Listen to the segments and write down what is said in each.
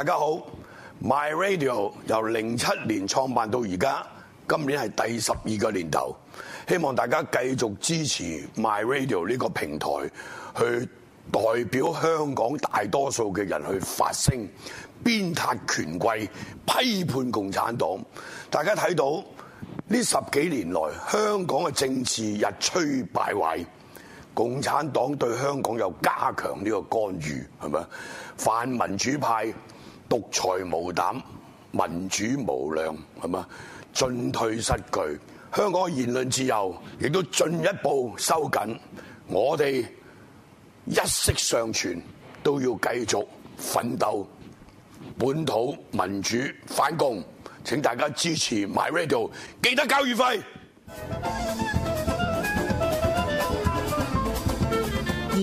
大家好，My Radio 由零七年創辦到而家，今年係第十二個年頭，希望大家繼續支持 My Radio 呢個平台，去代表香港大多數嘅人去發聲，鞭撻權貴，批判共產黨。大家睇到呢十幾年來，香港嘅政治日趨敗壞，共產黨對香港又加強呢個干預，係咪啊？泛民主派。獨裁無膽，民主無量，係嘛？進退失據，香港嘅言論自由亦都進一步收緊。我哋一息尚存，都要繼續奮鬥。本土民主反共，請大家支持 MyRadio，記得交月費。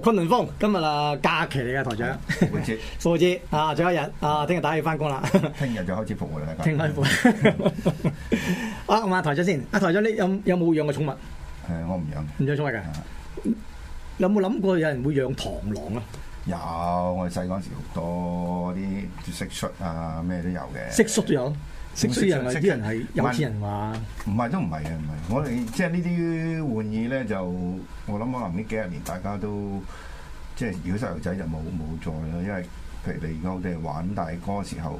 崑崙風，今日啊假期嚟噶台長，復活節，復活節啊，仲有一日啊，聽日打要翻工啦，聽日就開始復活啦，大家聽日復活啊，我問下台長先，阿、啊、台長你有有冇養過寵物？誒、嗯，我唔養，唔養寵物嘅，啊、有冇諗過有人會養螳螂啊？有，我哋細嗰陣時好多啲蟋蟀啊，咩都有嘅，蟋蟀都有。城市人啊！啲人係有錢人，人玩，唔係都唔係嘅，唔係。我哋即係呢啲玩意咧，就我諗可能呢幾十年大家都即係如果細路仔就冇冇在啦，因為譬如你而家我哋玩大嗰時候，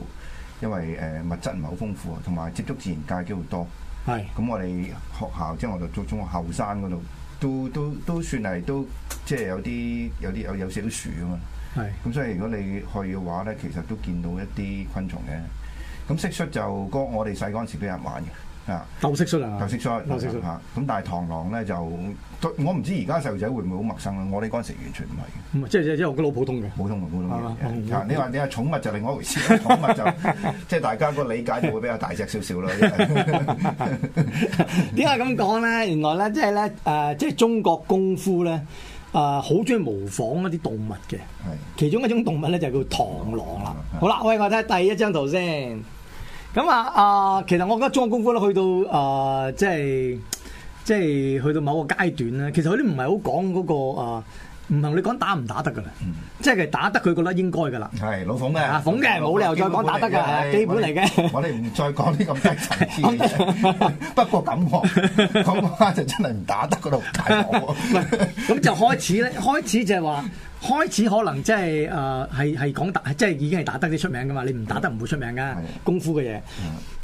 因為誒、呃、物質唔係好豐富，同埋接觸自然界機會多。係。咁我哋學校即係我哋讀中學後山嗰度，都都都算係都即係有啲有啲有有少少樹啊嘛。係。咁所以如果你去嘅話咧，其實都見到一啲昆蟲嘅。咁蟋蟀就我哋細嗰陣時都有人玩嘅啊。鬥蟋蟀啊！鬥蟋蟀，鬥蟋蟀吓。咁但係螳螂咧就，我唔知而家細路仔會唔會好陌生咯。我哋嗰陣時完全唔係即係即係，我覺得好普通嘅。普通嘅，普通嘅。你話你話，寵物就另外一回事。寵物就即係大家個理解就會比較大隻少少咯。點解咁講咧？原來咧，即係咧誒，即係中國功夫咧誒，好中意模仿一啲動物嘅。係。其中一種動物咧就叫螳螂啦。好啦，喂，我睇第一張圖先。咁啊，啊、嗯,其實我而家裝功夫咧，去到啊、呃，即係即係去到某個階段咧。其實佢都唔係好講嗰個啊，唔同你講打唔打得噶啦。即係打得佢覺得應該噶啦。係老奉嘅，奉嘅冇理由再講打得噶，係基本嚟嘅。我哋唔再講呢咁深層次嘅。 不過咁，咁我就真係唔打得嗰度大講。咁 就開始咧，開始就係話。開始可能即係誒係係講打，即係已經係打得啲出名噶嘛。你唔打得唔會出名噶的功夫嘅嘢。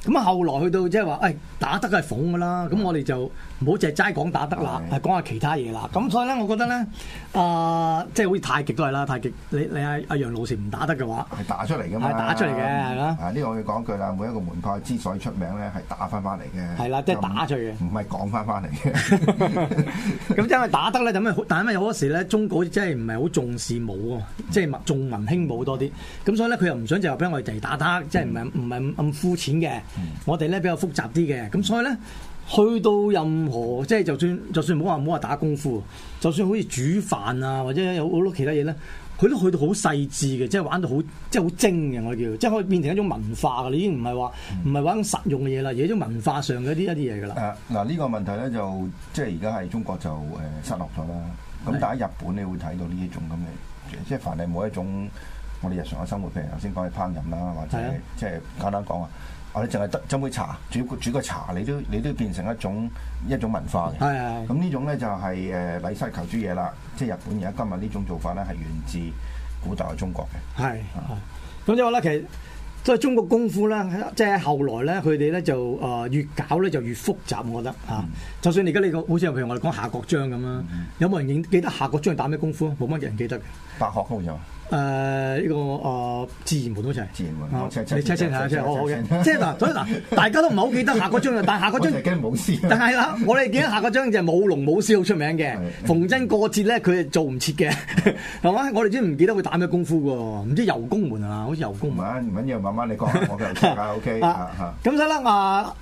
咁啊，後來去到即係話誒打得係馴噶啦。咁的我哋就唔好淨係齋講打得啦，係講下其他嘢啦。咁所以咧，我覺得咧啊、呃，即係好似太極都係啦。太極，你你阿阿楊老師唔打得嘅話，係打出嚟噶嘛，係打出嚟嘅。係啦，呢個、啊、我要講句啦。每一個門派之所以出名咧，係打翻翻嚟嘅。係啦，即係打出嚟嘅，唔係講翻翻嚟嘅。咁因為打得咧，咁啊但係因為好多時咧，中國真係唔係好重。重視武喎，即係重文輕武多啲，咁所以咧，佢又唔想就話俾我哋嚟打打，即係唔係唔係咁咁膚淺嘅。我哋咧比較複雜啲嘅，咁所以咧去到任何即係就算就算冇話冇話打功夫，就算好似煮飯啊或者有好多其他嘢咧，佢都去到好細緻嘅，即係玩到好即係好精嘅我哋叫，即係可以變成一種文化噶啦，已經唔係話唔係玩咁實用嘅嘢啦，而係啲文化上嘅一啲一啲嘢噶啦。嗱，呢個問題咧就即係而家係中國就誒失落咗啦。咁但喺日本你會睇到呢一種咁嘅，即係凡係每一種我哋日常嘅生活，譬如頭先講嘅烹飪啦，或者的即係簡單講啊，我哋淨係得斟杯茶、煮煮個茶，你都你都變成一種一種文化嘅。係係的。咁呢種咧就係誒禮失求諸野啦，即係日本而家今日呢種做法咧係源自古代中國嘅。係咁即係我覺得其實。所以中國功夫咧，即係後來咧，佢哋咧就誒、呃、越搞咧就越複雜，我覺得嚇。Mm. 就算而家呢個好似譬如我哋講夏國章咁樣，mm. 有冇人認記得夏國章係打咩功夫啊？冇乜人記得嘅。白鶴功夫。誒呢個啊自然門都一齊，自然門，你 check check 下先，好嘅，即係嗱，所以嗱，大家都唔係好記得下嗰張啊，但係下嗰張，我但係啦，我哋記得下嗰張就舞龍舞獅好出名嘅，逢真過節咧，佢做唔切嘅，係嘛？我哋都唔記得佢打咩功夫喎，唔知柔功門啊，好似柔功。唔緊要，慢慢你講，我聽 OK，咁所以使乜啊？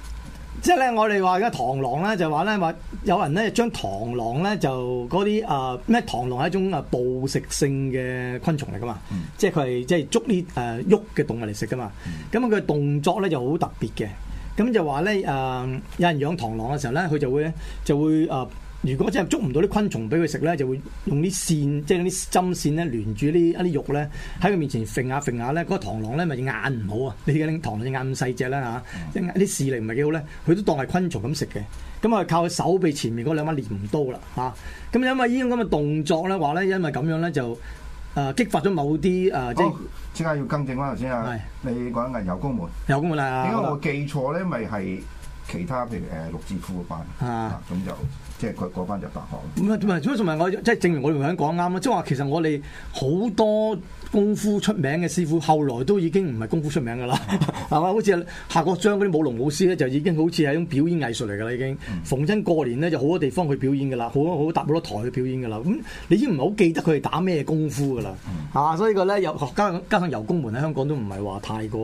即係咧，我哋話而家螳螂咧，就話咧話有人咧，將螳螂咧就嗰啲誒咩螳螂係一種啊捕食性嘅昆蟲嚟噶嘛，嗯、即係佢係即係捉啲誒喐嘅動物嚟食噶嘛。咁啊、嗯，佢動作咧就好特別嘅。咁就話咧誒，有人養螳螂嘅時候咧，佢就會咧就會誒。呃如果真係捉唔到啲昆蟲俾佢食咧，就會用啲線，即係啲針線咧，連住呢一啲肉咧，喺佢面前揈下揈下咧，嗰個螳螂咧咪眼唔好啊！你睇下啲螳螂隻眼咁細隻啦嚇，啲視力唔係幾好咧，佢都當係昆蟲咁食嘅。咁啊靠佢手臂前面嗰兩把鐮刀啦嚇。咁因為呢種咁嘅動作咧，話咧因為咁樣咧就誒激發咗某啲誒即係即刻要更正啦頭先啊，你講緊有公門有公門啊？點解我記錯咧？咪係其他譬如誒六字庫嘅班啊咁就。即係佢講翻就白講。咁啊、嗯，唔、嗯、係，所以同埋我即係正如我哋想講啱啦。即係話其實我哋好多功夫出名嘅師傅，後來都已經唔係功夫出名㗎啦，係嘛、嗯？ 好似夏個章嗰啲舞龍舞獅咧，就已經好似係一種表演藝術嚟㗎啦，已經。逢親過年咧，就好多地方去表演㗎啦，好好搭好多台去表演㗎啦。咁、嗯、你已經唔係好記得佢哋打咩功夫㗎啦，嗯、啊，所以個咧又加上加上遊宮門喺香港都唔係話太過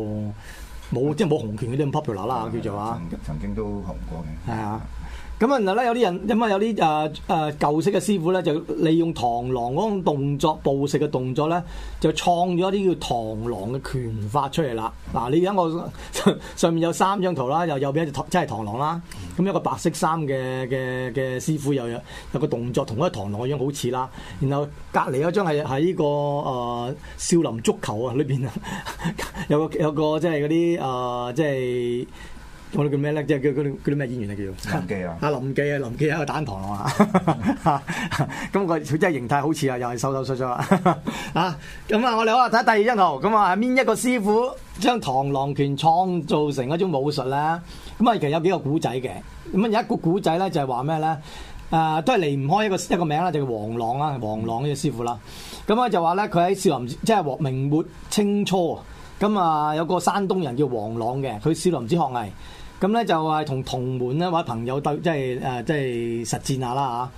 冇，即係冇洪拳嗰啲咁 popular 啦，叫做啊、嗯。曾經都紅過嘅。係啊。咁啊，然後咧有啲人，咁啊有啲誒誒舊式嘅師傅咧，就利用螳螂嗰種動作、捕食嘅動作咧，就創咗一啲叫螳螂嘅拳法出嚟啦。嗱、啊，你而家我上，上面有三張圖啦，又右邊一隻螳，即係螳螂啦。咁一個白色衫嘅嘅嘅師傅，又有有個動作同嗰個螳螂嘅樣好似啦。然後隔離嗰張係喺、呢個誒、呃、少林足球啊裏邊，有個有個即係嗰啲誒即係。就是我哋叫咩咧？即係叫嗰啲啲咩演員呢妓啊？叫林記啊！啊林記啊，林記一個蛋螳螂啊！ 咁 個佢真係形態好似啊，又係瘦瘦削削啊！咁啊，我哋好啊，睇下第二張圖。咁啊，邊一個師傅將螳螂拳創造成一種武術咧？咁啊，其實有幾個古仔嘅。咁啊，有一個古仔咧，就係話咩咧？誒、啊，都係離唔開一個一個名啦，就叫王朗啊。王朗呢個師傅啦。咁啊，就話咧，佢喺少林，即係明末清初。咁啊，有個山東人叫王朗嘅，佢少林寺學藝。咁咧就係同同門咧或者朋友鬥，即係誒，即係實戰下啦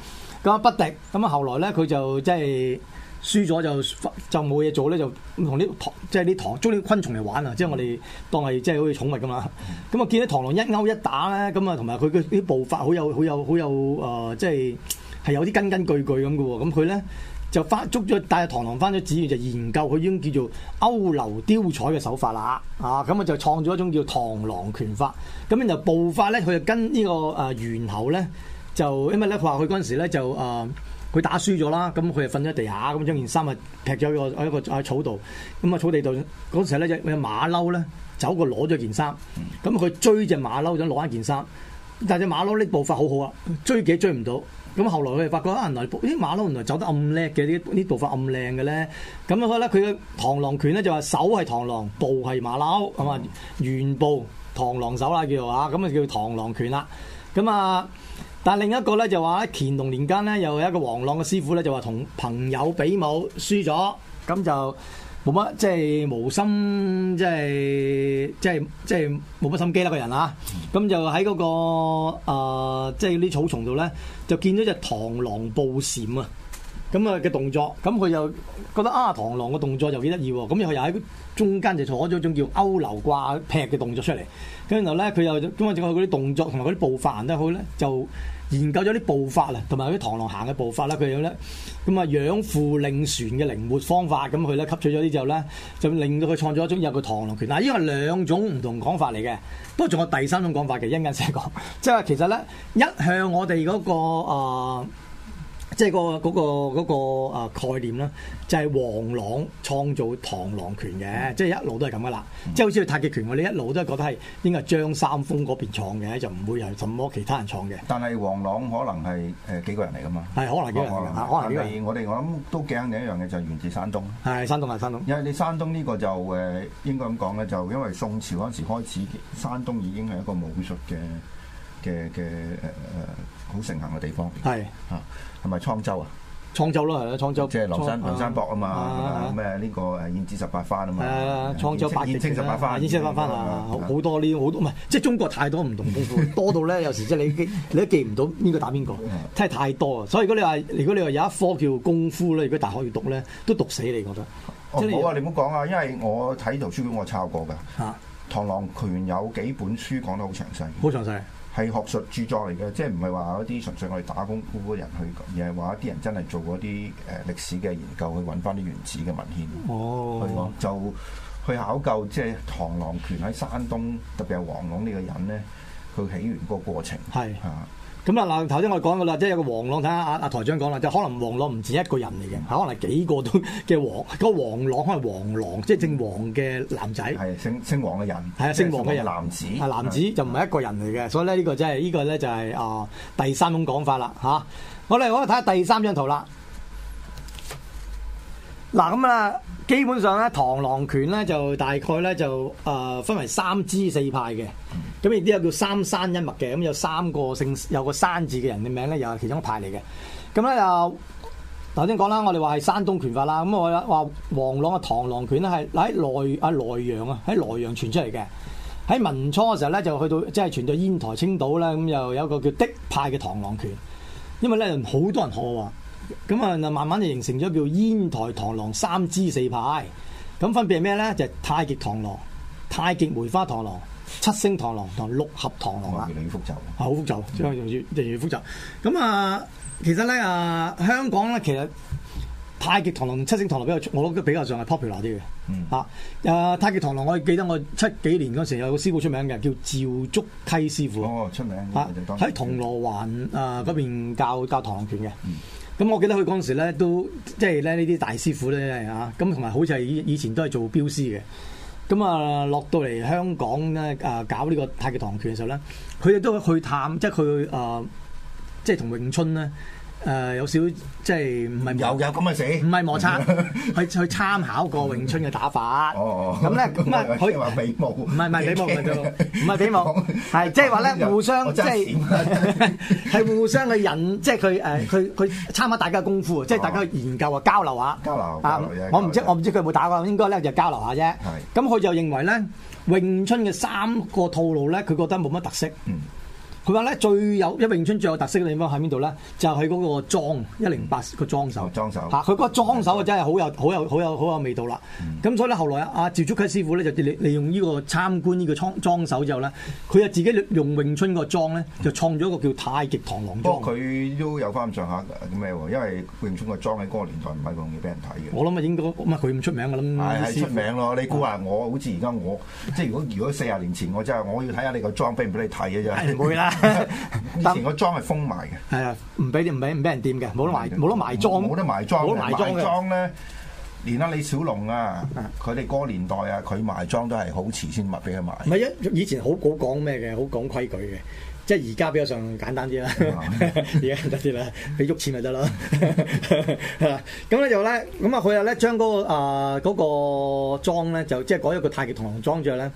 嚇。咁啊不敵，咁啊後來咧佢就即係輸咗，就就冇嘢做咧，就同啲即係啲螳捉啲昆蟲嚟玩啊！即係我哋當係即係好似寵物咁嘛。咁啊、嗯、見到螳螂一勾一打咧，咁啊同埋佢嘅啲步伐好有好有好、呃即係、有誒，即係係有啲根根據據咁嘅喎。咁佢咧。就翻捉咗帶阿螳螂翻咗寺院，就研究佢已經叫做歐流雕彩嘅手法啦，啊咁啊就創咗一種叫螳螂拳法。咁然後步法咧，佢就跟呢個誒猿猴咧，就因為咧佢話佢嗰陣時咧就誒佢打輸咗啦，咁佢就瞓咗地下，咁將件衫啊擗咗喺一個喺草度，咁啊草地度嗰時咧只隻馬騮咧走過攞咗件衫，咁佢追隻馬騮就攞翻件衫，但隻馬騮呢，步法好好啊，追幾追唔到。咁後來佢哋發覺，原來啲馬騮原來走得咁叻嘅，啲啲步伐咁靚嘅咧，咁啊覺得佢嘅螳螂拳咧就話手係螳螂，步係馬騮，咁啊原步螳螂手啦叫做嚇，咁啊叫螳螂拳啦。咁啊，但係另一個咧就話咧，乾隆年間咧又有一個黃浪嘅師傅咧就話同朋友比武輸咗，咁就。冇乜即係冇心，即係即係即係冇乜心機啦。個人啊，咁就喺嗰、嗰個、呃、即係啲草叢度咧，就見到隻螳螂捕蟬啊。咁啊嘅動作，咁佢又覺得啊，螳螂嘅動作就幾得意喎。咁佢又喺中間就坐咗一種叫勾流掛劈嘅動作出嚟。跟然後咧，佢又因為整有嗰啲動作同埋嗰啲步伐行好咧，就。研究咗啲步法啊，同埋嗰啲螳螂行嘅步法啦，佢有咧咁啊養父令船嘅靈活方法咁佢咧吸取咗啲之後咧，就令到佢創造一種有個螳螂拳。嗱，呢個兩種唔同講法嚟嘅，不過仲有第三種講法嘅，一陣先講，即係其實咧一向我哋嗰個，呃即係、那個嗰、那個嗰、那個、概念啦，就係、是、王朗創造螳螂拳嘅，嗯、即係一路都係咁噶啦。即係、嗯、好似太極拳，我哋一路都係覺得係應該係張三豐嗰邊創嘅，就唔會係什麼其他人創嘅。但係王朗可能係誒幾個人嚟噶嘛？係可能幾個人可能，啊、可能人我哋我諗都鏡你一樣嘅，就源自山東。係山東係山東。山東因為你山東呢個就誒應該咁講咧，就因為宋朝嗰時開始，山東，東已經係一個武術嘅。嘅嘅誒誒好盛行嘅地方，係嚇，係咪滄州啊？滄州咯，係啊，滄州。即係梁山、梁山泊啊嘛，咩呢個燕子十八翻啊嘛。係啊，滄州八燕青十八翻，燕青十八翻啊，好多呢，好多唔係，即係中國太多唔同功夫，多到咧有時即係你你都記唔到應該打邊個，真係太多啊！所以如果你話如果你話有一科叫功夫咧，如果大學要讀咧，都讀死你覺得。即係好啊！你唔好講啊，因為我睇圖書館，我抄過㗎。螳螂拳有幾本書講得好詳細。好詳細。係學術著作嚟嘅，即係唔係話嗰啲純粹我哋打功夫嗰人去，而係話一啲人真係做嗰啲誒歷史嘅研究，去揾翻啲原始嘅文獻，哦哦哦哦去講就去考究，即係螳螂拳喺山東特別係黃龍呢個人咧，佢起源個過程係是啊。咁啊，嗱、嗯，頭先我講過啦，即係有個黃狼，睇下阿阿台長講啦，就可能黃狼唔止一個人嚟嘅，可能係幾個都嘅黃，那個黃狼可能黃狼，即係姓黃嘅男仔。係，姓姓黃嘅人。係啊，姓黃嘅人。男子。係男子就唔係一個人嚟嘅，的所以咧呢個真係呢個咧就係、是、啊、呃、第三種講法啦嚇、啊。我嚟我哋睇下第三張圖啦。嗱咁啊，基本上咧螳螂拳咧就大概咧就啊、呃，分為三支四派嘅，咁呢啲又叫三山一脈嘅，咁有三個姓，有個山字嘅人嘅名咧，又係其中一派嚟嘅。咁咧又頭先講啦，我哋話係山東拳法啦，咁我話黃朗嘅螳螂拳咧係喺萊啊萊陽啊喺萊陽傳出嚟嘅，喺民初嘅時候咧就去到即係、就是、傳到煙台、青島啦，咁又有一個叫的派嘅螳螂拳，因為咧好多人學喎。咁啊，就慢慢就形成咗叫煙台螳螂三支四派，咁分別係咩咧？就太極螳螂、太極梅花螳螂、七星螳螂同六合螳螂啊，越嚟越複雜，好複雜，越嚟越複雜。咁啊，其實咧啊，香港咧，其實太極螳螂、七星螳螂比較，我都比較上係 popular 啲嘅。嗯，吓，誒，太極螳螂，我記得我七幾年嗰時有個師傅出名嘅，叫趙竹溪師傅，哦，出名吓，喺銅鑼灣誒嗰邊教教螳螂拳嘅。咁、嗯、我記得佢嗰陣時咧，都即係咧呢啲大師傅咧嚇，咁同埋好似係以以前都係做鏢師嘅。咁啊落到嚟香港咧啊搞呢個太極螳拳嘅時候咧，佢哋都去探，即係佢，啊，即係同詠春咧。誒有少即係唔係有有咁嘅事，唔係摩擦，去去參考過詠春嘅打法。哦，咁咧，唔可以話比武唔係唔係比武嚟嘅，唔係比武，係即係話咧互相即係係互相去引，即係佢誒佢佢參考大家嘅功夫，即係大家去研究啊交流下交流啊。我唔知我唔知佢有冇打過，應該咧就交流下啫。係咁，佢就認為咧詠春嘅三個套路咧，佢覺得冇乜特色。嗯。佢話咧最有一永春最有特色嘅地方喺邊度咧？就喺嗰個裝一零八個裝手，裝、嗯、手嚇佢嗰個裝手啊，真係、嗯、好有好有好有好有味道啦！咁、嗯、所以咧，後來啊，阿趙竹溪師傅咧就利利用呢個參觀呢個裝裝手之後咧，佢又自己用永春個裝咧，就創咗一個叫太極螳螂裝。佢都、嗯嗯、有翻咁上下咩喎？因為永春個裝喺嗰個年代唔係咁容易俾人睇嘅。我諗啊，應該佢唔出名嘅啦，係、嗯、出名咯！你估下我？好似而家我即係如果如果四廿年前我真係我要睇下你個裝俾唔俾你睇嘅啫，唔會啦。 以前個樁係封埋嘅，係啊，唔俾啲唔俾唔俾人掂嘅，冇得埋，冇得埋樁，冇得埋樁嘅。埋樁咧，連阿李小龍啊，佢哋嗰個年代啊，佢埋樁都係好遲先物俾佢埋。唔係一以前好好講咩嘅，好講規矩嘅，即係而家比較上簡單啲啦。而家得啲啦，你喐錢咪得啦。咁 咧就咧，咁啊佢又咧將嗰個啊嗰、呃那個樁咧就即係改一個，呢、那個那個就是、個太極螳螂樁着咧。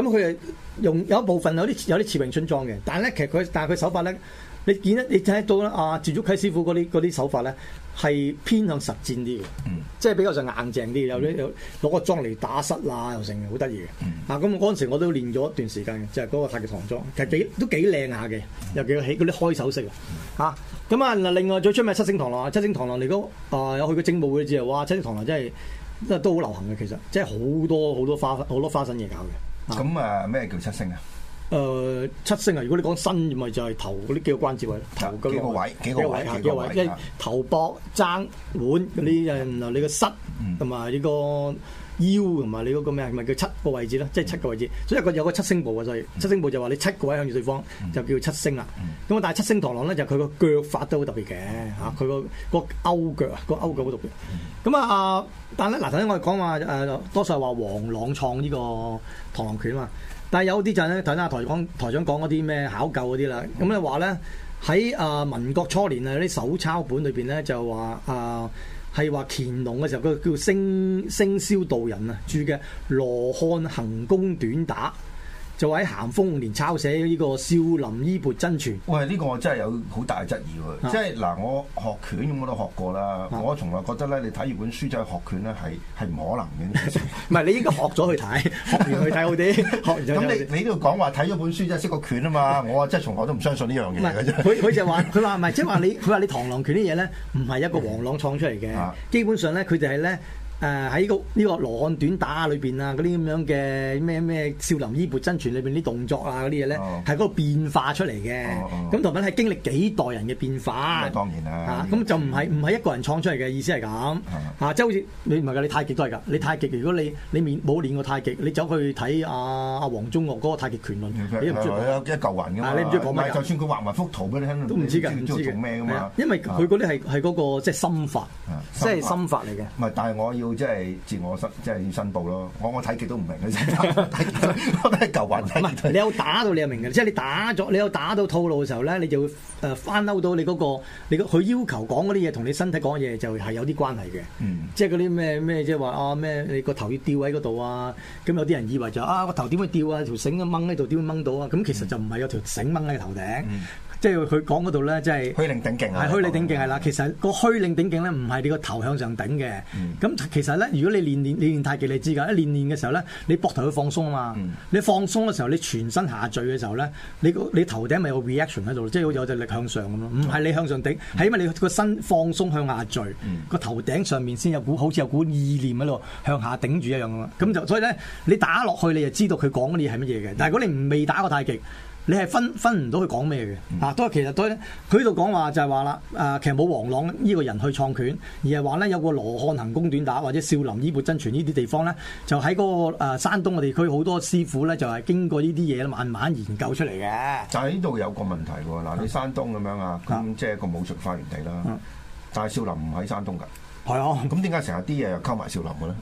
咁佢啊用有一部分有啲有啲似詠春樁嘅，但係咧其實佢但係佢手法咧，你見咧你睇到啦，啊趙竹溪師傅嗰啲啲手法咧，係偏向實戰啲嘅。嗯、即係比較就硬淨啲，有啲攞個樁嚟打失啦，啊，又成，好得意嘅，嗯，啊咁嗰陣時我都練咗一段時間嘅，就係、是、嗰個太極螳螂，其實幾都幾靚下嘅，尤其個起嗰啲開手式，嚇咁啊嗱，另外最出名七星螳螂？七星螳螂嚟都啊有去過精武會之後啊，哇，七星螳螂真係都好流行嘅，其實即係好多好多，多，多花好多花臣嘢搞嘅。咁啊，咩叫七星啊？誒、呃，七星啊！如果你講身，咪就係頭嗰啲幾個關節位咯。頭幾個位，幾個位，幾個位，幾個位，即係頭膊、踭、啊、腕嗰啲人啊，你個膝同埋呢個。腰同埋你嗰個咩啊？係咪叫七個位置咯，即係七個位置。所以佢有個七星步啊，所以七星步就話你七個位向住對方就叫七星啦。咁啊，但係七星螳螂咧就佢個腳法都好特別嘅嚇，佢個個勾腳啊，個勾腳好特別。咁啊啊，但係嗱，頭先我哋講話誒，多數係話黃朗創呢個螳螂拳啊嘛。但係有啲就咧，頭先阿台長台長講嗰啲咩考究嗰啲啦。咁你話咧喺啊民國初年啊，啲手抄本裏邊咧就話啊。呃係話乾隆嘅時候，佢叫做星星宵道人啊，住嘅羅漢行功短打。就喺咸豐年抄寫呢個《少林衣缽真傳》。喂，呢個我真係有好大嘅質疑喎！即係嗱，我學拳我都學過啦，我從來覺得咧，你睇完本書就去學拳咧，係係唔可能嘅。唔係，你應該學咗去睇，學完去睇好啲，學咁。你你呢度講話睇咗本書真係識個拳啊嘛？我啊真係從來都唔相信呢樣嘢嘅。佢就話：佢話唔係，即係話你佢話你螳螂拳啲嘢咧，唔係一個黃朗創出嚟嘅，基本上咧佢就係咧。誒喺個呢個羅漢短打裏邊啊，嗰啲咁樣嘅咩咩少林衣缽真傳裏邊啲動作啊，嗰啲嘢咧，係嗰個變化出嚟嘅。咁作品係經歷幾代人嘅變化。當然啦，嚇咁就唔係唔係一個人創出嚟嘅，意思係咁嚇，即係好似你唔係㗎，你太極都係㗎。你太極，如果你你練冇練過太極，你走去睇阿阿王宗岳嗰個《太極拳論》，你唔知中意講咩？就算佢畫埋幅圖俾你，都唔知㗎，唔知嘅。因為佢嗰啲係係嗰個即係心法，即係心法嚟嘅。唔係，但係我要。即係自我申，即係要申報咯。我我睇極都唔明，佢真係一嚿雲。唔係你有打到你就明嘅，即係你打咗，你有打到套路嘅時候咧，你就會誒翻嬲到你嗰、嗰個，你佢要求講嗰啲嘢同你身體講嘅嘢就係有啲關係嘅、嗯。即係嗰啲咩咩，即係話啊咩，你個頭要吊喺嗰度啊。咁有啲人以為就係、啊個頭點會吊啊？條繩掹喺度點會掹到啊？咁其實就唔係有條繩掹喺頭頂。嗯即係佢講嗰度咧，即係虛領頂勁啊！係虛領頂勁係啦，其實個虛領頂勁咧，唔係你個頭向上頂嘅。咁、嗯、其實咧，如果你練練練練太極，你知噶，一練練嘅時候咧，你膊頭去放鬆啊嘛。嗯、你放鬆嘅時候，你全身下墜嘅時候咧，你你頭頂咪有 reaction 喺度，即係有隻力向上咁咯。唔係你向上頂，係、嗯、因為你個身放鬆向下墜，個、嗯、頭頂上面先有股好似有股意念喺度向下頂住一樣噶嘛。咁就所以咧，你打落去，你就知道佢講嘅嘢係乜嘢嘅。但係如果你唔未打過太極。你係分分唔到佢講咩嘅，啊！都係其實都係佢呢度講話就係話啦，誒、啊、其實冇王朗呢個人去創拳，而係話咧有個羅漢行功短打或者少林衣缽真傳呢啲地方咧，就喺嗰個山東嘅地區好多師傅咧就係、是、經過呢啲嘢慢慢研究出嚟嘅。就喺呢度有個問題喎，嗱、啊、你山東咁樣啊，咁即係一個武術發源地啦，但係少林唔喺山東㗎，係啊、嗯，咁點解成日啲嘢又溝埋少林嘅咧？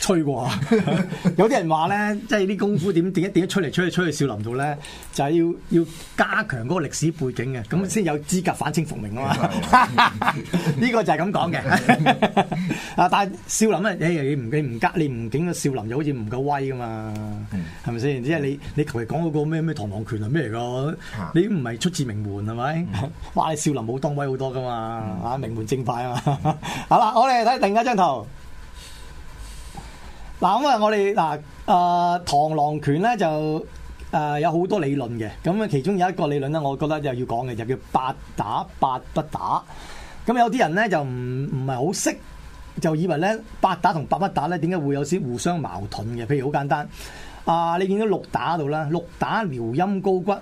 吹過， 有啲人話咧，即係啲功夫點點點樣吹嚟，吹去吹去少林度咧，就係要要加強嗰個歷史背景嘅，咁先的有資格反清復明啊嘛。呢 個就係咁講嘅。啊， 但少林咧、哎，你唔你唔加你唔整少林又好似唔夠威噶嘛，係咪先？吧即係你你求其講嗰個咩咩螳螂拳係咩嚟噶？你唔係出自名門係咪？哇，嗯、你少林冇當威好多噶嘛，啊，名門正派啊嘛。 好啦，我哋睇另一張圖。嗱咁啊，我哋嗱啊螳螂拳咧就誒、呃、有好多理論嘅，咁啊其中有一個理論咧，我覺得又要講嘅就叫八打八不打。咁有啲人咧就唔唔係好識，就以為咧八打同八不打咧點解會有啲互相矛盾嘅？譬如好簡單啊、呃，你見到六打度啦，六打撩陰高骨，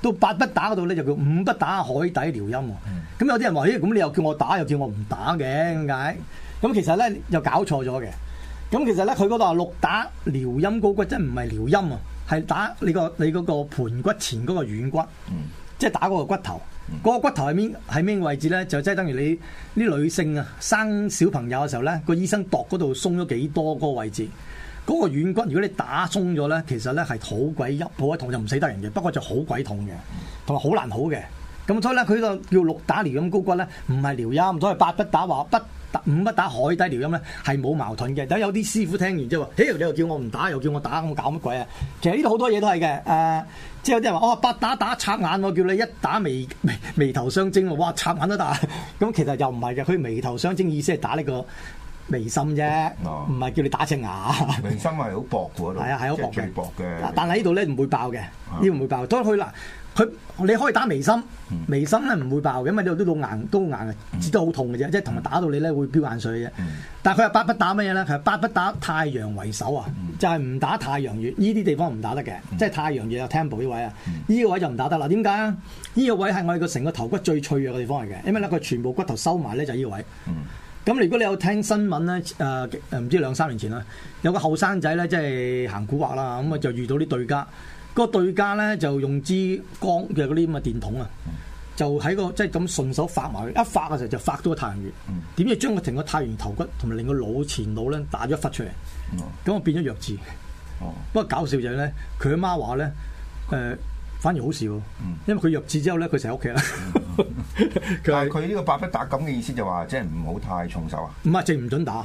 到八不打嗰度咧就叫五不打海底撩陰。咁、嗯、有啲人話，咦、哎，咁你又叫我打，又叫我唔打嘅，點解？咁其實咧又搞錯咗嘅。咁其實咧，佢嗰度話六打撩陰高骨，即唔係撩陰啊，係打你，你個你嗰個盆骨前嗰個軟骨，嗯、即係打嗰個骨頭。嗰、嗯、個骨頭係邊喺咩位置咧？就即係等於你啲女性啊生小朋友嘅時候咧，嗰個醫生度度鬆咗幾多嗰個位置。嗰、嗰個軟骨如果你打鬆咗咧，其實咧係好鬼一好鬼痛，就唔死得人嘅，不過就好鬼痛嘅，同埋好難好嘅。咁所以咧，佢就叫六打撩陰高骨咧，唔係撩陰，所以八不打話不打五不打海底撩陰咧，係冇矛盾嘅。等有啲師傅聽完之後話，誒，你又叫我唔打，又叫我打，咁搞乜鬼啊？其實呢度好多嘢都係嘅。誒、呃，即係有啲人話，哦，八打打插眼、哦，我叫你一打眉眉眉頭相爭。哇，插眼都得打。咁 其實又唔係嘅，佢眉頭相爭意思係打呢、這個。眉心啫，唔係叫你打隻牙。眉心係好薄嘅，係啊，係好薄嘅。但係呢度咧，唔會爆嘅，呢度唔會爆。當佢啦，佢你可以打眉心，眉心咧，唔會爆嘅，因為呢度啲骨硬都硬嘅，只都好痛嘅啫，即係同埋打到你咧會飆眼水嘅啫。但係佢話八不打乜嘢咧，係八不打太陽為首啊，就係唔打太陽穴。呢啲地方唔打得嘅，即係太陽穴有 temple 呢位啊，呢個位就唔打得啦。點解啊？呢個位係我哋個成個頭骨最脆弱嘅地方嚟嘅，因為咧佢全部骨頭收埋咧就係呢位。咁、嗯、如果你有聽新聞咧，誒誒唔知兩三年前啦，有個後生仔咧，即係行古惑啦，咁、嗯、啊就遇到啲對家，個對家咧就用支光嘅嗰啲咁嘅電筒啊，就喺個即係咁順手發埋佢，一發嘅時候就發咗個太陽穴，點知、嗯、將佢成個太陽頭骨同埋令個腦前腦咧打咗一忽出嚟，咁我變咗弱智。嗯、不過搞笑就係咧，佢阿媽話咧，誒、呃。反而好笑喎，因為佢入刺之後咧，佢成日喺屋企啦。 是但係佢呢個八不打咁嘅意思就話，即係唔好太重手啊。唔係，即係唔準打。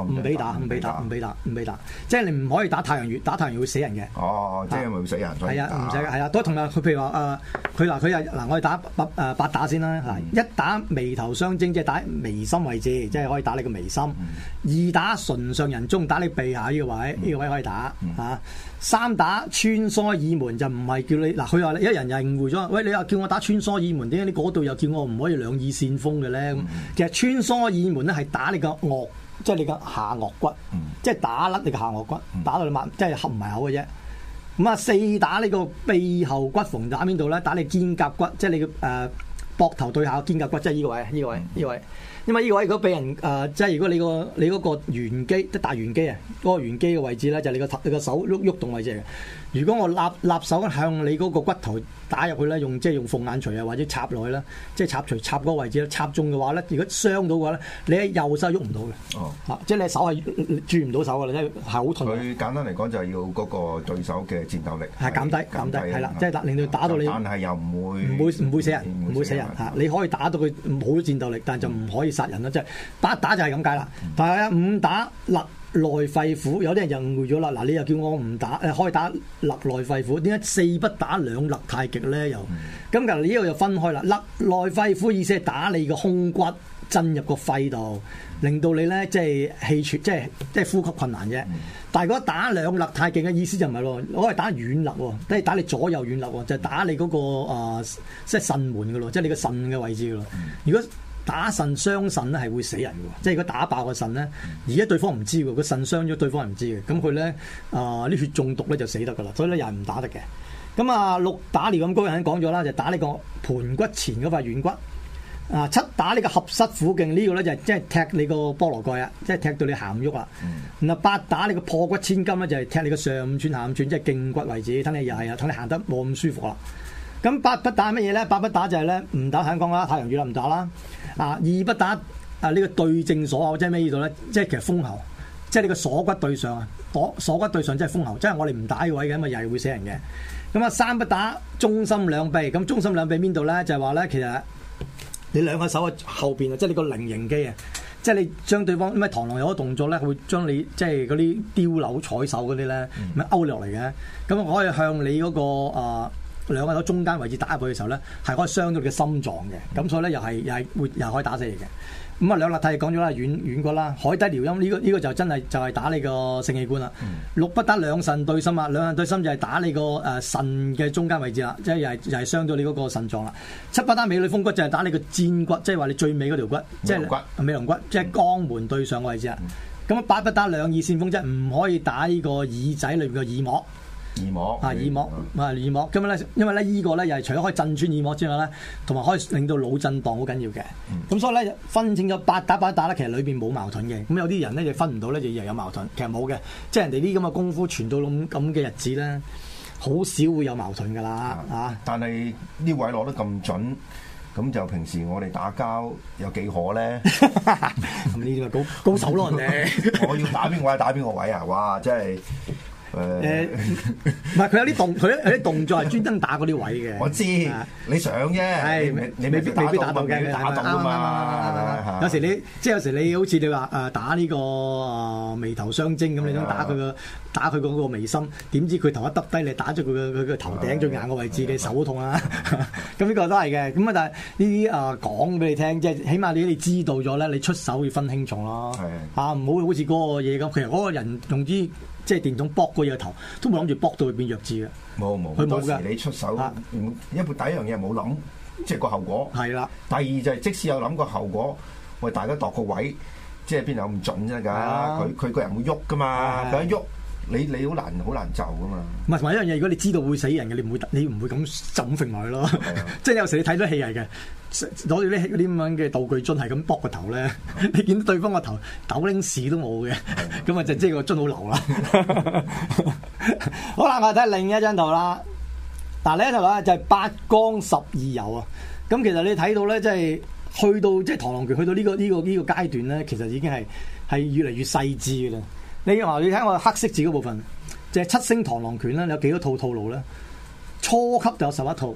唔俾打，唔俾打，唔俾打，唔俾打。即係你唔可以打太陽穴，打太陽穴會死人嘅。哦，即係咪會死人？係啊，唔使嘅，係啊，都痛啊。佢譬如話誒，佢嗱，佢又嗱，我哋打八誒八打先啦。係一打眉頭雙睛，即係打眉心位置，即係可以打你個眉心。二打唇上人中，打你鼻下呢個位，呢個位可以打嚇。三打穿梭耳門，就唔係叫你嗱，佢話有一人又誤會咗。喂，你又叫我打穿梭耳門，點解你嗰度又叫我唔可以兩耳扇風嘅咧？其實穿梭耳門咧係打你個顎。即係你個下顎骨，即係打甩你個下顎骨，打到你擘，即係合唔埋口嘅啫。咁啊，四打呢個鼻後骨縫打邊度咧？打你肩胛骨，即係你嘅誒，膊頭對下肩胛骨，即係呢個位，呢、嗯、個位，呢、嗯、位。因為依個位如果俾人誒、呃，即係如果你、那個你嗰圓肌，即係大圓肌啊，嗰、那個圓肌嘅位置咧，就係你個你個手喐喐動位置嘅。如果我立攬手向你嗰個骨頭打入去咧，用即係用鳳眼錘啊，或者插落去啦，即係插錘插嗰個位置插中嘅話咧，如果傷到嘅話咧，你喺右手喐唔到嘅。哦、啊，即係你手係轉唔到手嘅，你係好痛。最簡單嚟講就係要嗰個對手嘅戰鬥力，係減低，減低，係啦低，即係令到打到你。低的但係又唔會。唔會唔會死人，唔會死人嚇。你可以打到佢冇戰鬥力，但係就唔可以。嗯嗯殺人啦，即係打打就係咁解啦。但係五打肋內肺腑，有啲人就誤會咗啦。嗱，你又叫我唔打。誒、啊，可以打肋內肺腑？點解四不打兩肋太極咧？又咁嗱，呢個又分開啦。肋內肺腑意思係打你個胸骨，進入個肺度，令到你咧即係氣喘，即係即係呼吸困難啫。嗯、但係如果打兩肋太極嘅意思就唔係咯，我係打軟肋喎，即、就、係、是、打你左右軟肋喎，就係、是、打你嗰、那個誒、呃，即係腎門噶咯，即、就、係、是、你個腎嘅位置噶咯。嗯、如果打腎傷腎咧係會死人嘅，即係如果打爆個腎咧，而家對方唔知嘅，個腎傷咗對方係唔知嘅，咁佢咧啊啲血中毒咧就死得噶啦，所以咧又係唔打得嘅。咁啊六打你咁高，我已講咗啦，就打你個盤骨前嗰塊軟骨。啊七打你合膝、呢個合膝虎勁呢個咧就係即係踢你個菠蘿蓋啊，即、就、係、是、踢到你行唔喐啦。嗱八、嗯、打你個破骨千金咧就係、是、踢你個上五寸下五寸，即係、就是、頸骨位置。等你又係啊，等你行得冇咁舒服啦。咁八不打乜嘢咧？八不打就係咧唔打香港啦，太陽雨啦唔打啦。啊，二不打啊呢個對正鎖口，即係咩意度咧？即係其實封喉，即係你個鎖骨對上啊，鎖骨對上即係封喉，即係我哋唔打嘅位嘅，咁啊又係會死人嘅。咁啊三不打，中心兩臂，咁中心兩臂邊度咧？就係話咧，其實你兩個手啊後邊啊，即係你個菱形肌啊，即係你將對方咩螳螂有個動作咧，會將你即係嗰啲吊柳採手嗰啲咧，咪，嗯，勾落嚟嘅。咁我可以向你嗰個，呃兩肋骨中間位置打入去嘅時候咧，係可以傷到你嘅心臟嘅，咁所以咧又係又係會又可以打死你嘅。咁啊，兩肋太講咗啦，軟軟骨啦，海底撩陰呢、這個呢、這個就真係就係打你個性器官啦。嗯、六不打兩腎對心啊，兩腎對心就係打你個誒腎嘅中間位置啦，即係又係又係傷到你嗰個腎臟啦。七不打美女風骨，就係打你個尖骨，即係話你最尾嗰條骨，即係龍骨、美龍骨，即係肛門對上個位置啊。咁啊、嗯，嗯、八不打兩耳扇風啫，唔、就是、可以打呢個耳仔裏邊嘅耳膜。耳膜啊，耳膜啊，耳膜。咁樣咧，因為咧，依個咧又係除咗可以震穿耳膜之外咧，同埋可以令到腦震盪，好緊要嘅。咁所以咧，分清咗八打八打咧，其實裏邊冇矛盾嘅。咁有啲人咧，就分唔到咧，就以為有矛盾。其實冇嘅，即係人哋啲咁嘅功夫傳到咁咁嘅日子咧，好少會有矛盾噶啦啊！但係呢位攞得咁準，咁就平時我哋打交有幾可咧？咁呢個高高手咯，人哋。我要打邊位打邊個位啊！哇，真係～誒，唔係佢有啲動，佢有啲動作係專登打嗰啲位嘅。我知，你想啫，係你未必未必打到嘅，打唔啱啊！有時你即係有時你好似你話誒打呢個眉頭雙征咁，你想打佢個打佢個眉心，點知佢頭一耷低，你打咗佢個佢個頭頂最硬個位置，你手痛啊！咁呢個都係嘅。咁啊，但係呢啲啊講俾你聽，即係起碼你你知道咗咧，你出手要分輕重咯。啊，唔好好似嗰個嘢咁。其實嗰個人用之。即係電筒剝過嘢頭，都冇諗住剝到會變弱智嘅。冇冇，佢冇㗎。時你出手，因為第一樣嘢冇諗，即係個後果。係啦的。第二就係即使有諗個後果，喂，大家度個位，即係邊度有咁準啫㗎，啊？佢佢、啊、個人會喐㗎嘛？佢一喐。你你好難好難就噶嘛？唔係，同埋一樣嘢，如果你知道會死人嘅，你唔會你唔會咁就咁揈埋咯。 即係有時你睇到戲嚟嘅，攞住啲啲咁樣嘅道具樽，係咁卜個頭咧， 你見到對方個頭斗零屎都冇嘅，咁啊 就即係個樽好流啦。 好啦，我睇另一張圖啦。嗱呢一度啦就係八剛十二柔啊。咁其實你睇到咧，即、就、係、是、去到即係螳螂拳去到呢、這個呢、這個呢個階段咧，其實已經係係越嚟越細緻嘅啦。你要話，你睇我黑色字嗰部分，即係七星螳螂拳啦，有幾多套套路咧？初級就有十一套，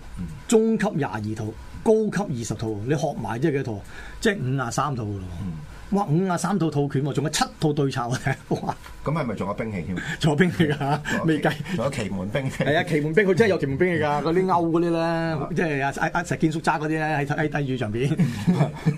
中級廿二套，高級二十套，你學埋即係幾多套？即係五廿三套嘅。嗯哇！五啊三套套拳，仲有七套對策喎！哇！咁係咪仲有兵器添？仲有兵器㗎！未計，仲有奇門兵器。係啊，奇門兵佢真係有奇門兵器噶，嗰啲 勾嗰啲咧，即係阿阿阿石堅叔揸嗰啲咧，喺喺大嶼上邊，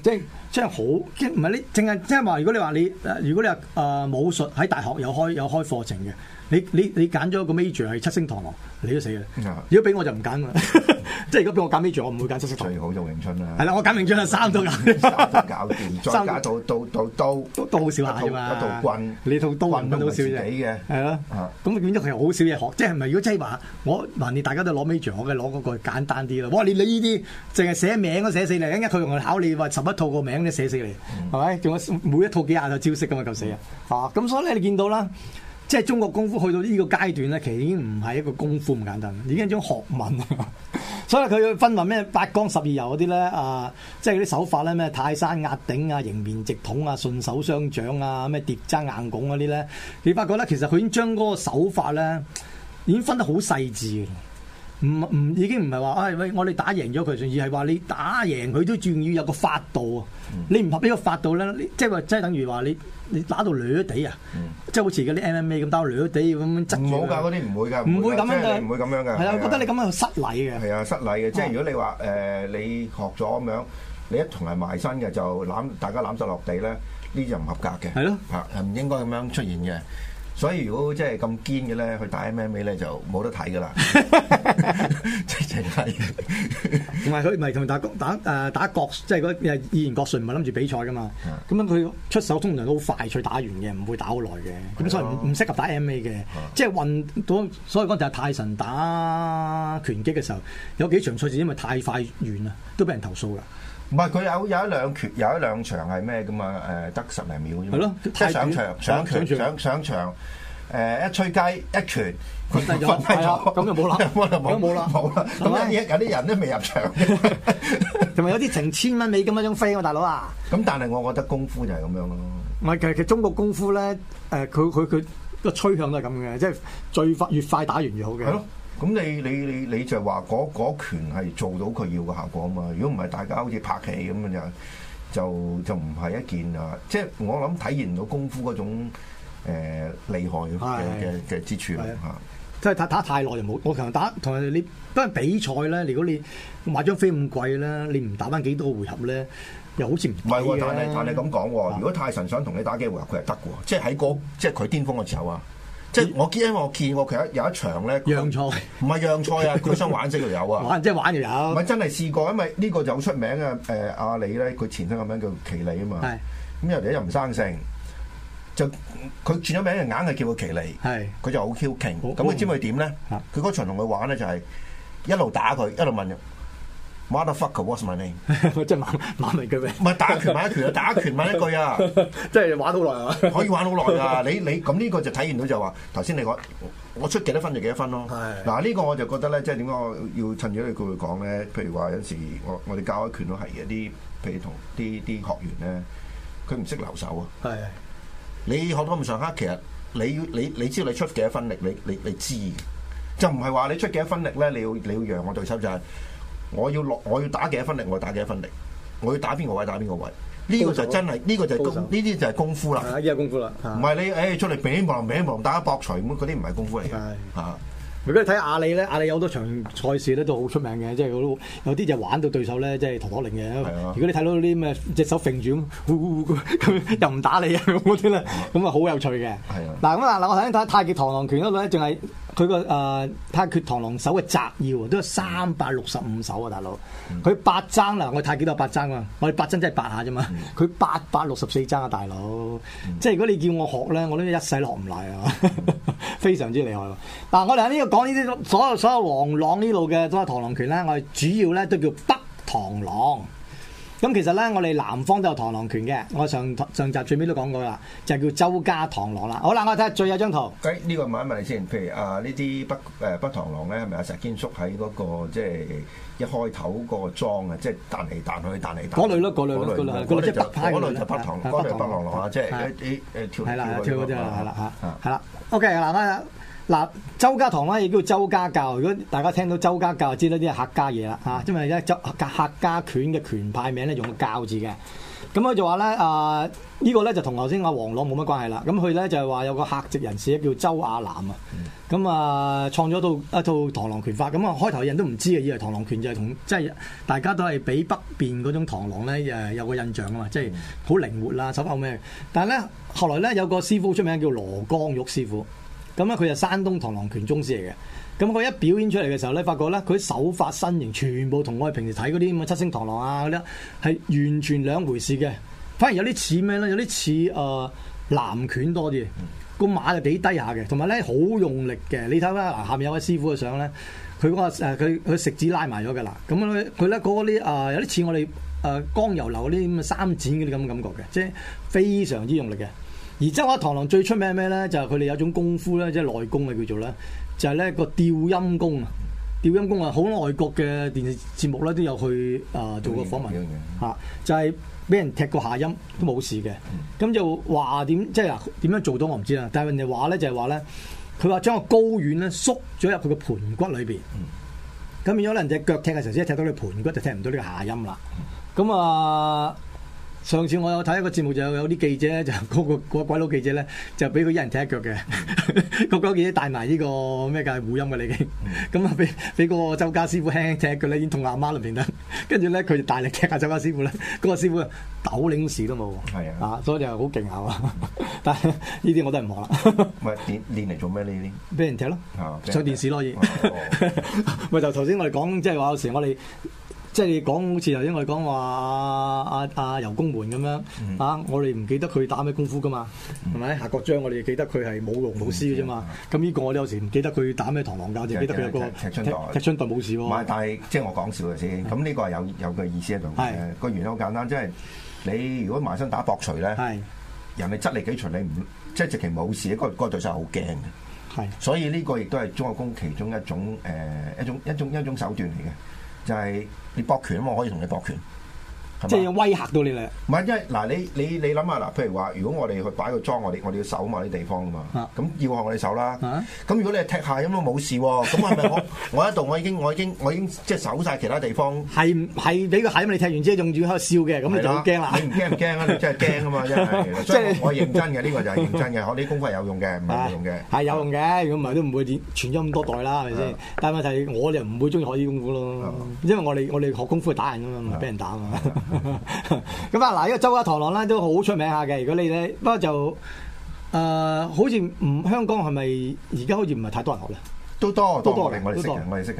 即係即係好，即唔係你淨係即係話，如果你話你，如果你話啊、呃、武術喺大學有開有開課程嘅，你你你揀咗個 major 係七星螳螂，你都死啦！ 如果俾我就唔揀啦。 即係如果俾我揀 major，我唔會揀七色瞳。最好就詠春啦。係啦、嗯，我揀詠春啦，三都搞。三都搞掂，再加到套都都好少嘢嘛。一套棍，你套都揾唔到少嘢。係咯，咁變咗佢又好少嘢學。即係唔係？如果即係話我嗱，你，大家都攞 major，我嘅攞嗰個簡單啲啦。哇！你你呢啲淨係寫名都寫死你，一一佢同你考你話十一套個名都寫死你，係咪、嗯？仲有每一套幾廿套招式咁嘛，夠死、嗯、啊！咁，所以咧你見到啦。即係中國功夫去到呢個階段咧，其實已經唔係一個功夫咁簡單，已經係一種學問。所以佢要分話咩八剛十二柔嗰啲咧，啊，即係啲手法咧，咩泰山壓頂啊、迎面直捅啊、順手雙掌啊、咩疊踭硬拱嗰啲咧，你發覺咧其實佢已經將嗰個手法咧已經分得好細緻。唔唔，已經唔係話唉喂，我哋打贏咗佢，而係話你打贏佢都仲要有個法度啊！你唔合呢個法度咧，即係話即係等於話你。你打到攣攣地啊！即係好似嗰啲 MMA 咁打到攣地咁樣執住。冇㗎，嗰啲唔會㗎。唔會咁樣嘅。唔會咁樣嘅。係啊，是啊覺得你咁樣失禮嘅、啊。係啊，失禮嘅。即係如果你話誒、呃、你學咗咁樣，你一同人埋身嘅就攬大家攬晒落地咧，呢啲就唔合格嘅。係咯是、啊啊。係唔應該咁樣出現嘅。所以如果真係咁堅嘅咧，佢打 MMA 咧就冇得睇噶啦，即係同埋佢唔係同打打啊打國，即係嗰啊以前國術唔係諗住比賽噶嘛？咁樣佢出手通常都好快脆打完嘅，唔會打好耐嘅。咁所以唔唔適合打 MMA 嘅，即係運到。所以講就泰神打拳擊嘅時候，有幾場賽事因為太快完啊，都俾人投訴噶。唔係佢有有一兩拳，有一兩場係咩嘅嘛？誒得十零秒咁樣，一上場上拳，搶上場誒一吹雞一拳，佢咁就冇啦，冇啦冇啦，冇啦，係有啲人都未入場，同埋有啲成千蚊美金嗰種飛，喎大佬啊！咁但係我覺得功夫就係咁樣咯。唔係其實其實中國功夫咧，誒佢佢佢個趨向係咁嘅，即係最快越快打完越好嘅。咁你你你你就話嗰拳係做到佢要嘅效果啊嘛？如果唔係，大家好似拍戲咁樣，就就就唔係一件啊，即係我諗體現到功夫嗰種誒、呃、厲害嘅嘅嘅之處啦嚇。即係打打太耐又冇，我成打同人哋，你，不過比賽咧，如果你買張飛咁貴咧，你唔打翻幾多個回合咧，又好似唔係，但係但係咁講喎，的如果泰臣想同你打幾回合，佢係得喎。即係喺嗰即係佢巔峯嘅時候啊！即係我見，因為我見我其實有一場咧，讓賽唔係讓賽啊，佢 想玩即係有啊，玩即係玩就有。唔係真係試過，因為呢個就好出名嘅誒，阿、呃、李咧佢前身個名叫奇利啊嘛。係咁是，又哋又唔生性，就佢轉咗名，硬係叫佢奇利，係佢是就好 Q 勁，咁佢知佢知點咧？佢嗰、嗯、場同佢玩咧就係、是、一路打佢，一路問。Motherfucker, what's my name？我真係男男嚟嘅咩？唔係打拳一拳問一拳啊！打一拳問一句啊！ 即係玩好耐啊！可以玩好耐㗎。你你咁呢個就體現到就係話頭先你講我出幾多分就幾多分咯。嗱呢的、啊呢個我就覺得咧，即係點講？我要趁住佢句講咧。譬如話有時我我哋教一拳都係嘅啲，譬如同啲啲學員咧，佢唔識留手啊。係的你學到咁上下，其實你你你，你，你知道你出幾多分力，你你你，你知。就唔係話你出幾多分力咧，你要你要讓我對手就係、是就是。我要落，我要打幾多分力，我打幾多分力，我要打邊個位，打邊個位，呢、這個就真係，呢、這個就係功，呢啲手就係功夫啦。係功夫啦，唔係你誒、哎、出嚟咩望咩望，打搏財咁嗰啲唔係功夫嚟嘅。嚇的！的如果你睇下阿里咧，阿里有好多場賽事咧都好出名嘅，即係有啲就玩到對手咧，即係陀陀擰嘅。的如果你睇到啲咩隻手揈住咁，又唔打你咁嗰啲咧，咁啊好有趣嘅。嗱咁嗱，我睇下睇太極螳螂拳嗰度咧，仲係。佢個誒判決螳螂手嘅摘要都有三百六十五手啊，大佬。佢、嗯、八踭嗱，我太極多八踭啊，我哋八踭真係八下啫嘛。佢、嗯、八百六十四踭啊，大佬。嗯、即係如果你叫我學咧，我都一世學唔嚟啊， 非常之厲害，啊。嗱、啊，我哋喺呢度講呢啲，所有所有王朗呢度嘅所有螳螂拳咧，我哋主要咧都叫北螳螂。咁其實咧，我哋南方都有螳螂拳嘅。我上上集最尾都講過啦，就叫周家螳螂啦。好啦，我睇下最後張圖。咁呢個問一問你先。譬如啊，呢啲北誒北螳螂咧，係咪阿石堅叔喺嗰個即係一開頭嗰個莊啊？即係彈嚟彈去，彈嚟彈。嗰類咯，嗰類咯。嗰類就北派嘅。嗰類就北螳，嗰類北螳螂啊，即係啲誒跳跳啲啊，係啦嚇。係啦。O K. 嗱啦。嗱，周家堂咧，亦叫周家教。如果大家聽到周家教，知呢啲係客家嘢啦嚇，因為咧周客家拳嘅拳派名咧用個教字嘅。咁、嗯、佢、嗯、就話咧，誒、呃、呢、呢個咧就同頭先阿王朗冇乜關係啦。咁佢咧就係話有個客籍人士叫周亞南啊，咁、嗯、啊、嗯嗯、創咗套一套螳螂拳法。咁啊開頭人都唔知啊，以為螳螂拳就係同即係大家都係畀北邊嗰種螳螂咧誒有個印象啊嘛，即係好靈活啦、啊，手法咩？但係咧後來咧有個師傅出名叫羅光玉師傅。咁咧佢就山東螳螂拳宗師嚟嘅，咁佢一表演出嚟嘅時候咧，發覺咧佢手法、身形全部同我哋平時睇嗰啲咁嘅七星螳螂啊嗰啲係完全兩回事嘅，反而有啲似咩咧？有啲似誒南拳多啲，個馬就幾低下嘅，同埋咧好用力嘅。你睇下嗱下面有位師傅嘅相咧，佢嗰、嗰個佢佢、呃、食指拉埋咗㗎喇，咁佢佢咧嗰啲誒有啲似、呃、我哋誒、呃、剛柔流啲咁嘅三戰啲咁嘅感覺嘅，即係非常之用力嘅。而周家螳螂最出名係咩咧？就係佢哋有種功夫咧，即係內功嘅叫做咧，就係、是、咧個吊陰功啊！吊陰功啊，好多外國嘅電視節目咧都有去啊做過訪問吓，就係、是、俾人踢個下陰都冇事嘅。咁就話點即係啊？點樣做到我唔知啦。但係人哋話咧就係話咧，佢話將個睾丸咧縮咗入佢嘅盤骨裏邊。咁變咗咧，人隻腳踢嘅時候先踢到你盤骨，就踢唔到呢個下陰啦。咁啊～上次我有睇一個節目，就有啲記者就嗰、嗰個鬼佬、嗰個嗰個、記者咧，就俾佢一人踢一腳嘅。嗯、 個鬼佬記者帶埋呢、呢個咩㗎？護陰㗎已經。咁啊，俾俾嗰個周家師傅輕輕踢一腳咧，已經同阿媽啦，變得。跟住咧，佢就大力踢下周家師傅咧，嗰、嗰個師傅啊，抖領事都冇喎。的啊，所以就好勁下喎。但係呢啲我都係唔學啦。唔係練練嚟做咩？呢啲俾人踢咯，哦、踢咯上電視咯，而咪、哦，就頭先我哋講，即係話有時我哋。即係講好似頭先我哋講話阿阿阿尤公門咁樣，嗯、啊我哋唔記得佢打咩功夫噶嘛，係咪、嗯？夏國璋我哋記得佢係舞龍舞獅嘅啫嘛。咁呢、嗯嗯嗯、個我哋有時唔記得佢打咩螳螂架，只記得佢有個踢春袋。踢春袋冇事喎。唔係、啊，但係即係我講笑嘅先。咁呢、嗯、個係有有，有個意思喺度嘅。個原因好簡單，即、就、係、是、你如果埋身打搏捶咧，人哋質你幾捶你唔即係直情冇事，個個對手好驚嘅。所以呢個亦都係中國功其中一種誒、呃、一種一種，一種，一，種，一，種，一，種一種手段嚟嘅。就係你博拳，我可以同你博拳。即係要威嚇到你哋。唔係，因為嗱，你你你諗下嗱，譬如話，如果我哋去擺個樁，我哋我哋要守某啲地方噶嘛。咁要學我哋守啦。咁如果你係踢下，咁都冇事喎。咁我咪我我一度我已經我已經我已經即係守晒其他地方。係係俾個鞋咪你踢完之後用住喺度笑嘅，咁你就好驚啦。你唔驚唔驚啊？你真係驚啊嘛，真係。即係我認真嘅，呢個就係認真嘅。學啲功夫係有用嘅，唔係冇用嘅。係有用嘅，如果唔係都唔會傳咗咁多代啦，係咪先？但係問題，我就唔會中意學啲功夫咯，因為我哋我哋學功夫打人啊嘛，咪俾人打啊嘛。咁啊嗱，呢個周家螳螂咧都好出名下嘅。如果你咧，不過就誒，好似唔香港係咪而家好似唔係太多人學咧？都多，都多我哋，我識嘅，我哋識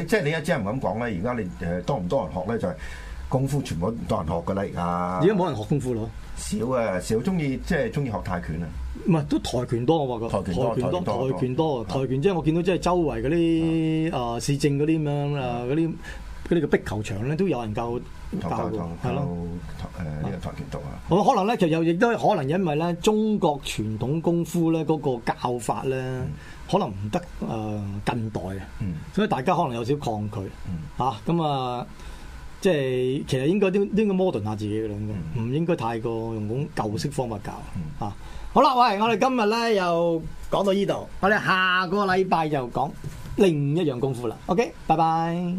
你即係你一啲人咁講咧，而家你誒多唔多人學咧，就係功夫全部都唔多人學噶啦，而家。而家冇人學功夫咯。少啊，少中意即係中意學泰拳啊？唔係，都跆拳多我話個。跆拳多，跆拳多，跆拳多。跆拳即係我見到即係周圍嗰啲誒市政嗰啲咁樣啊啲。呢個壁球場咧都有人教教，係咯，誒，呢個跆拳道啊，咁可能咧其實又亦都可能因為咧中國傳統功夫咧嗰個教法咧可能唔得誒近代啊，所以大家可能有少少抗拒啊，咁啊，即係其實應該都都應該 modern 下自己嘅啦，唔應該太過用咁舊式方法教啊。好啦，喂，我哋今日咧又講到呢度，我哋下個禮拜就講另一樣功夫啦。OK，拜拜。